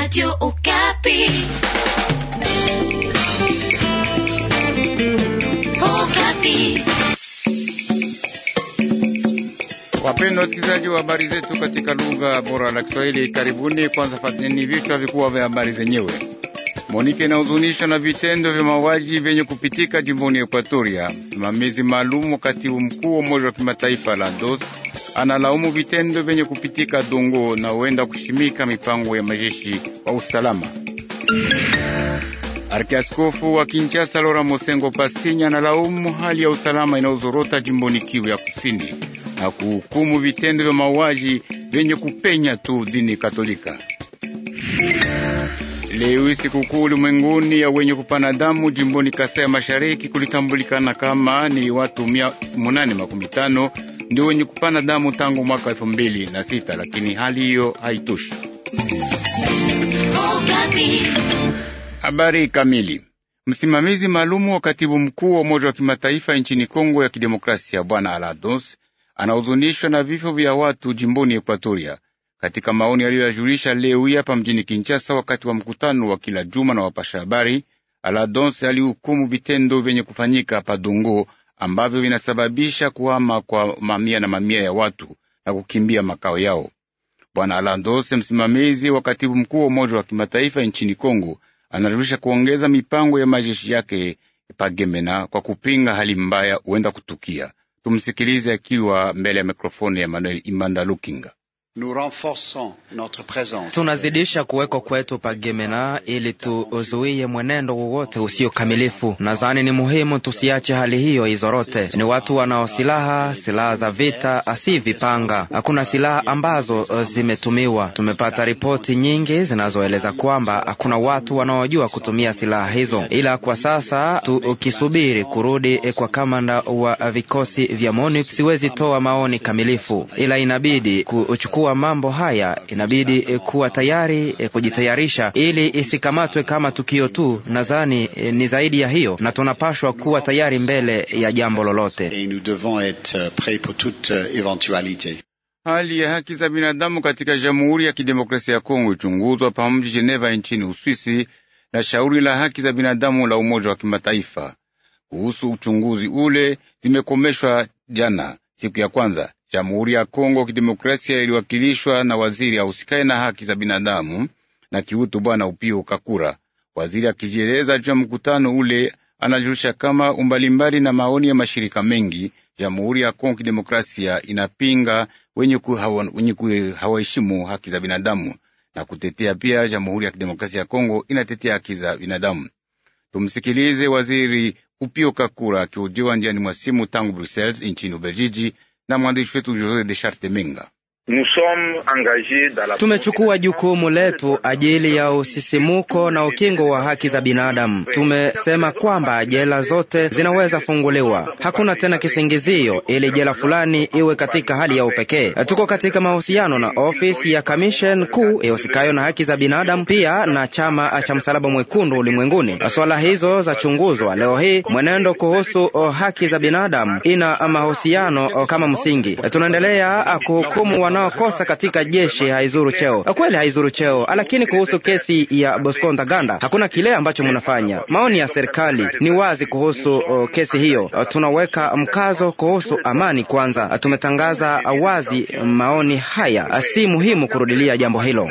Radio Okapi. Okapi. Wapendwa wasikilizaji wa habari zetu katika lugha bora la Kiswahili, karibuni. Kwanza fateni vichwa vikubwa vya habari zenyewe. Monike inahuzunishwa na vitendo vya mauaji vyenye kupitika jimboni Ekuatoria. Msimamizi maalumu katibu mkuu wa Umoja wa Kimataifa la DOS analaumu vitendo vyenye kupitika Dongo na huenda kushimika mipango ya majeshi wa usalama. Arkiaskofu wa Kinshasa Lora Mosengo Pasinya analaumu hali ya usalama inayozorota jimboni Kivu ya Kusini na kuhukumu vitendo vya mauaji vyenye kupenya tu dini Katolika. Leo sikukuu ulimwenguni ya wenye kupana damu jimboni Kasai ya Mashariki kulitambulikana kama ni watu mia munane makumi tano ndio wenye kupana damu tangu mwaka elfu mbili na sita, lakini hali hiyo haitoshi. Habari kamili. Msimamizi maalumu wa katibu mkuu wa Umoja wa Kimataifa nchini Kongo ya Kidemokrasia, Bwana Alados anahuzunishwa na vifo vya watu jimboni Ekuatoria katika maoni aliyoyajulisha leo hii hapa mjini Kinshasa wakati wa mkutano wa kila juma na wapasha habari, Aladonse alihukumu vitendo vyenye kufanyika hapa Dongo ambavyo vinasababisha kuhama kwa mamia na mamia ya watu na kukimbia makao yao. Bwana Aladonse, msimamizi wa katibu mkuu wa Umoja wa Kimataifa nchini Kongo, anajulisha kuongeza mipango ya majeshi yake Pagemena kwa kupinga hali mbaya huenda kutukia. Tumsikilize akiwa mbele ya mikrofoni ya Manuel Imanda Lukinga. Tunazidisha kuwekwa kwetu pagemena ili tuzuie mwenendo wowote usio kamilifu. Nadhani ni muhimu tusiache hali hiyo izorote. Ni watu wanao silaha, silaha za vita, asi ah, vipanga. Hakuna silaha ambazo ah, zimetumiwa. Tumepata ripoti nyingi zinazoeleza kwamba hakuna watu wanaojua kutumia silaha hizo, ila kwa sasa tukisubiri kurudi eh, kwa kamanda wa vikosi vya MONUC, siwezi toa maoni kamilifu, ila inabidi kuchukua kuwa mambo haya inabidi eh, kuwa tayari eh, kujitayarisha, ili isikamatwe kama tukio tu. Nadhani eh, ni zaidi ya hiyo, na tunapashwa kuwa tayari mbele ya jambo lolote. Euh, euh, Hali ya haki za binadamu katika Jamhuri ya Kidemokrasia ya Kongo ichunguzwa pa mji Geneva nchini Uswisi na shauri la haki za binadamu la Umoja wa Kimataifa kuhusu uchunguzi ule zimekomeshwa jana siku ya kwanza Jamhuri ya Kongo Kidemokrasia iliwakilishwa na waziri ahusikaye na haki za binadamu na kiutu, Bwana Upio Kakura. Waziri akijieleza juu ya mkutano ule, anajulisha kama umbalimbali na maoni ya mashirika mengi, Jamhuri ya Kongo Kidemokrasia inapinga wenye kuhawaheshimu haki za binadamu na kutetea pia. Jamhuri ya Kidemokrasia ya Kongo inatetea haki za binadamu. Tumsikilize waziri Upio Kakura akihojiwa njiani mwa simu tangu Brussels nchini Ubelgiji na mwandishi wetu Jose Desharte Menga. Tumechukua jukumu letu ajili ya usisimuko na ukingo wa haki za binadamu. Tumesema kwamba jela zote zinaweza funguliwa, hakuna tena kisingizio ili jela fulani iwe katika hali ya upekee. Tuko katika mahusiano na ofisi ya kamishen kuu ihusikayo na haki za binadamu, pia na chama cha Msalaba Mwekundu ulimwenguni. Swala hizo zachunguzwa leo hii. Mwenendo kuhusu haki za binadamu ina mahusiano kama msingi. Tunaendelea kuhukumu wanaokosa katika jeshi haizuru cheo. Kweli haizuru cheo, lakini kuhusu kesi ya Bosco Ntaganda hakuna kile ambacho mnafanya. Maoni ya serikali ni wazi kuhusu uh, kesi hiyo. Uh, tunaweka mkazo kuhusu amani kwanza. Uh, tumetangaza wazi maoni haya. Uh, si muhimu kurudilia jambo hilo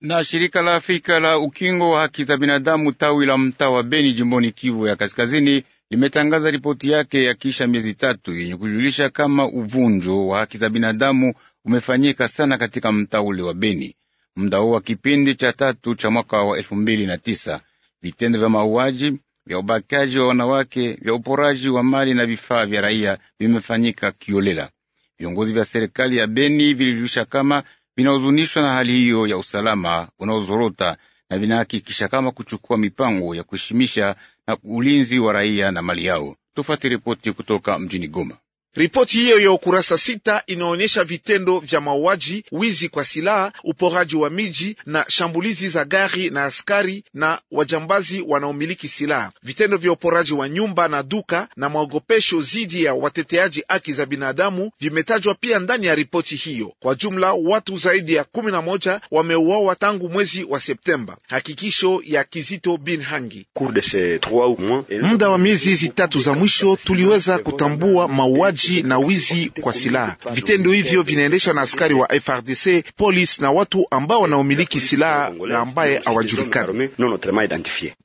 na shirika la Afrika la ukingo wa haki za binadamu tawi la mtaa wa Beni jimboni Kivu ya Kaskazini limetangaza ripoti yake ya kisha miezi tatu yenye kujulisha kama uvunjo wa haki za binadamu umefanyika sana katika mtaa ule wa Beni muda wa kipindi cha tatu cha mwaka wa elfu mbili na tisa. Vitendo vya mauaji vya ubakaji wa wanawake vya uporaji wa mali na vifaa vya raia vimefanyika kiolela. Viongozi vya serikali ya Beni vilijulisha kama vinahuzunishwa na hali hiyo ya usalama unaozorota na vinahakikisha kama kuchukua mipango ya kuheshimisha na ulinzi wa raia na mali yao. Tufate ripoti kutoka mjini Goma. Ripoti hiyo ya ukurasa sita inaonyesha vitendo vya mauaji, wizi kwa silaha, uporaji wa miji na shambulizi za gari na askari na wajambazi wanaomiliki silaha, vitendo vya uporaji wa nyumba na duka na maogopesho dhidi ya wateteaji haki za binadamu vimetajwa pia ndani ya ripoti hiyo. Kwa jumla watu zaidi ya kumi na moja wameuawa tangu mwezi wa Septemba. Hakikisho ya Kizito bin Hangi. Muda wa miezi hizi tatu za mwisho tuliweza kutambua mauaji mauaji na wizi kwa silaha. Vitendo hivyo vinaendesha na askari wa FRDC, polisi na watu ambao wanaomiliki silaha na ambaye hawajulikani.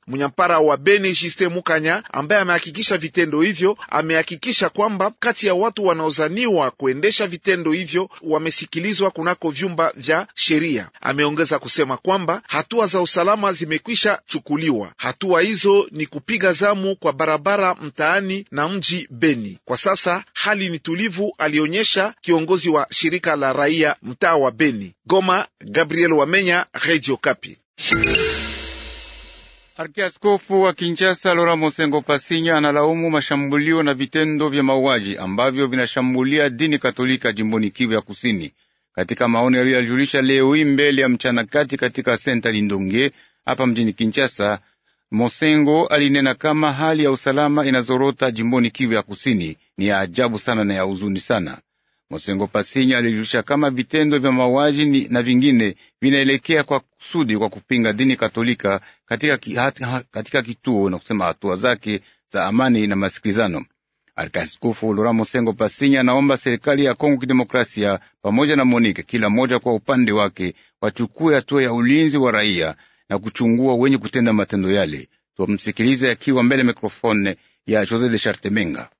Mnyampara wa Beni Juste Mukanya, ambaye amehakikisha vitendo hivyo, amehakikisha kwamba kati ya watu wanaozaniwa kuendesha vitendo hivyo wamesikilizwa kunako vyumba vya sheria. Ameongeza kusema kwamba hatua za usalama zimekwisha chukuliwa. Hatua hizo ni kupiga zamu kwa barabara mtaani na mji Beni. Kwa sasa hali ni tulivu, alionyesha kiongozi wa shirika la raia mtaa wa Beni. Goma, Gabriel Wamenya, Radio Kapi. Arkiaskofu wa Kinshasa Lora Mosengo Pasinya analaumu mashambulio na vitendo vya mauaji ambavyo vinashambulia dini Katolika jimboni Kivu ya Kusini. Katika maoni aliyoyajulisha leo hii mbele ya mchana kati katika senta Lindonge hapa mjini Kinshasa, Mosengo alinena kama hali ya usalama inazorota jimboni Kivu ya Kusini ni ya ajabu sana na ya huzuni sana. Mosengo Pasinya alijulisha kama vitendo vya mauaji na vingine vinaelekea kwa kusudi kwa kupinga dini Katolika katika, ki, hat, katika kituo na kusema hatua zake za amani na masikilizano. arkaskufu Lora Mosengo Pasinya anaomba serikali ya Kongo Kidemokrasia pamoja na Monike, kila mmoja kwa upande wake, wachukue hatua ya ulinzi wa raia na kuchungua wenye kutenda matendo yale. Twamsikiliza akiwa mbele mikrofone ya Jose de Chartemenga.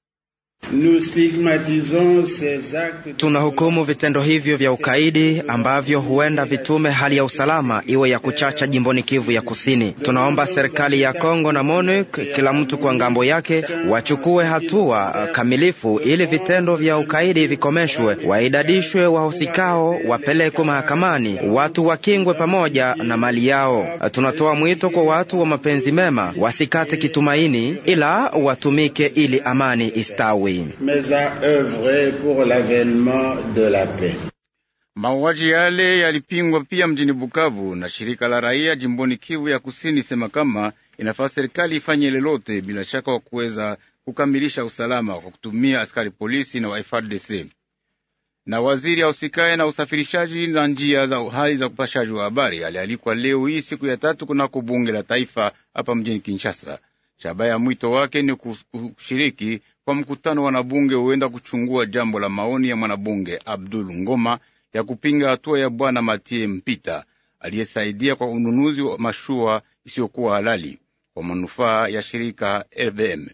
Tunahukumu vitendo hivyo vya ukaidi ambavyo huenda vitume hali ya usalama iwe ya kuchacha jimboni Kivu ya Kusini. Tunaomba serikali ya Kongo na MONUC, kila mtu kwa ngambo yake, wachukue hatua kamilifu ili vitendo vya ukaidi vikomeshwe, waidadishwe wahusikao, wapelekwe mahakamani, watu wakingwe pamoja na mali yao. Tunatoa mwito kwa watu wa mapenzi mema wasikate kitumaini, ila watumike ili amani istawi mais a oeuvré pour l'avènement de la paix. Mauaji yale yalipingwa pia mjini Bukavu na shirika la raia jimboni Kivu ya Kusini sema kama inafaa serikali ifanye lolote bila shaka wa kuweza kukamilisha usalama kwa kutumia askari polisi na wa Na waziri ausikaye na usafirishaji na njia za uhali za upashaji wa habari alialikwa leo hii siku ya tatu kunako bunge la taifa hapa mjini Kinshasa. Shabaha ya mwito wake ni kushiriki kwa mkutano wa wanabunge huenda kuchungua jambo la maoni ya mwanabunge Abdul Ngoma ya kupinga hatua ya bwana Matie Mpita aliyesaidia kwa ununuzi wa mashua isiyokuwa halali kwa manufaa ya shirika RVM.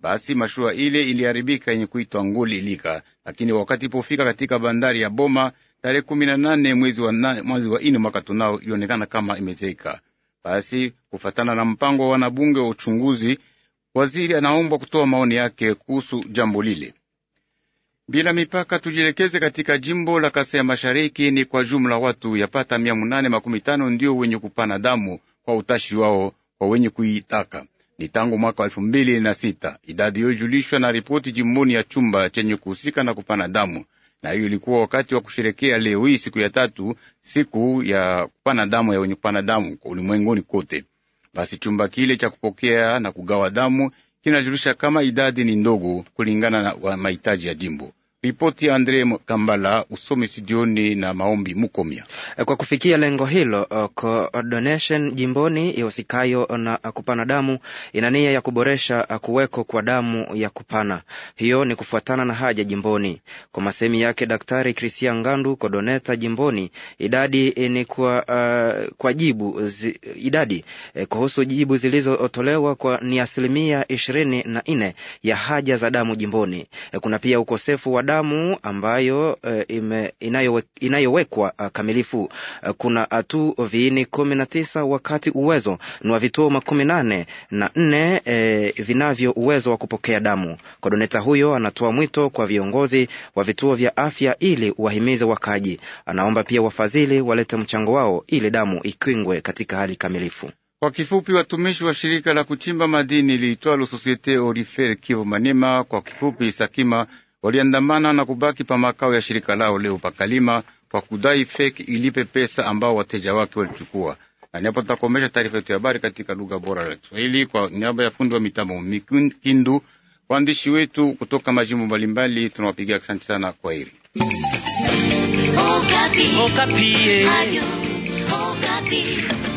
Basi mashua ile iliharibika yenye kuitwa Nguli Lika, lakini wakati ilipofika katika bandari ya Boma tarehe kumi na nane mwezi wa nane, mwezi wa nne mwaka tunao ilionekana kama imezeeka. Basi kufatana na mpango wa wanabunge wa uchunguzi Waziri anaombwa kutoa maoni yake kuhusu jambo lile. Bila mipaka, tujielekeze katika jimbo la Kasai ya Mashariki. Ni kwa jumla watu yapata mia munane makumi tano ndio wenye kupana damu kwa utashi wao kwa wenye kuitaka ni tangu mwaka elfu mbili na sita. Idadi hiyo na ripoti jimboni ya chumba chenye kuhusika na kupana damu, na hiyo ilikuwa wakati wa kusherekea leo hii siku ya tatu, siku ya kupana damu ya wenye kupana damu kwa ulimwenguni kote. Basi chumba kile cha kupokea na kugawa damu kinajulisha kama idadi ni ndogo kulingana na mahitaji ya jimbo. Ripoti ya Andre Kambala, usome studioni na maombi Mukomia. Eh, kwa kufikia lengo hilo, eh, coordination jimboni ihusikayo na kupana damu ina nia ya kuboresha eh, kuweko kwa damu ya kupana. Hiyo ni kufuatana na haja jimboni. Kwa masemi yake Daktari Christian Ngandu, kodoneta jimboni, idadi ni kwa, uh, kwa jibu zi, idadi eh, kuhusu jibu zilizotolewa kwa ni asilimia ishirini na nne ya haja za damu jimboni. Eh, kuna pia ukosefu wa damu damu ambayo eh, ime, inayowe, inayowekwa eh, kamilifu. Eh, kuna tu viini kumi na tisa wakati uwezo ni wa vituo makumi nane na nne e, vinavyo uwezo wa kupokea damu. Kodoneta huyo anatoa mwito kwa viongozi wa vituo vya afya ili wahimize wakaji. Anaomba pia wafadhili walete mchango wao ili damu ikingwe katika hali kamilifu. Kwa kifupi, watumishi wa shirika la kuchimba madini liitwalo Societe Orifere Kivu Manema, kwa kifupi Sakima, waliandamana na kubaki pa makao ya shirika lao leo pakalima kwa kudai feki ilipe pesa ambao wateja wake walichukua. Na niapo tutakomesha taarifa yetu ya habari katika lugha bora ya Kiswahili kwa niaba ya fundi wa mitambo Mikindu, waandishi wetu kutoka majimbo mbalimbali, tunawapigia asante sana. Kwa heri Okapi. Okapi.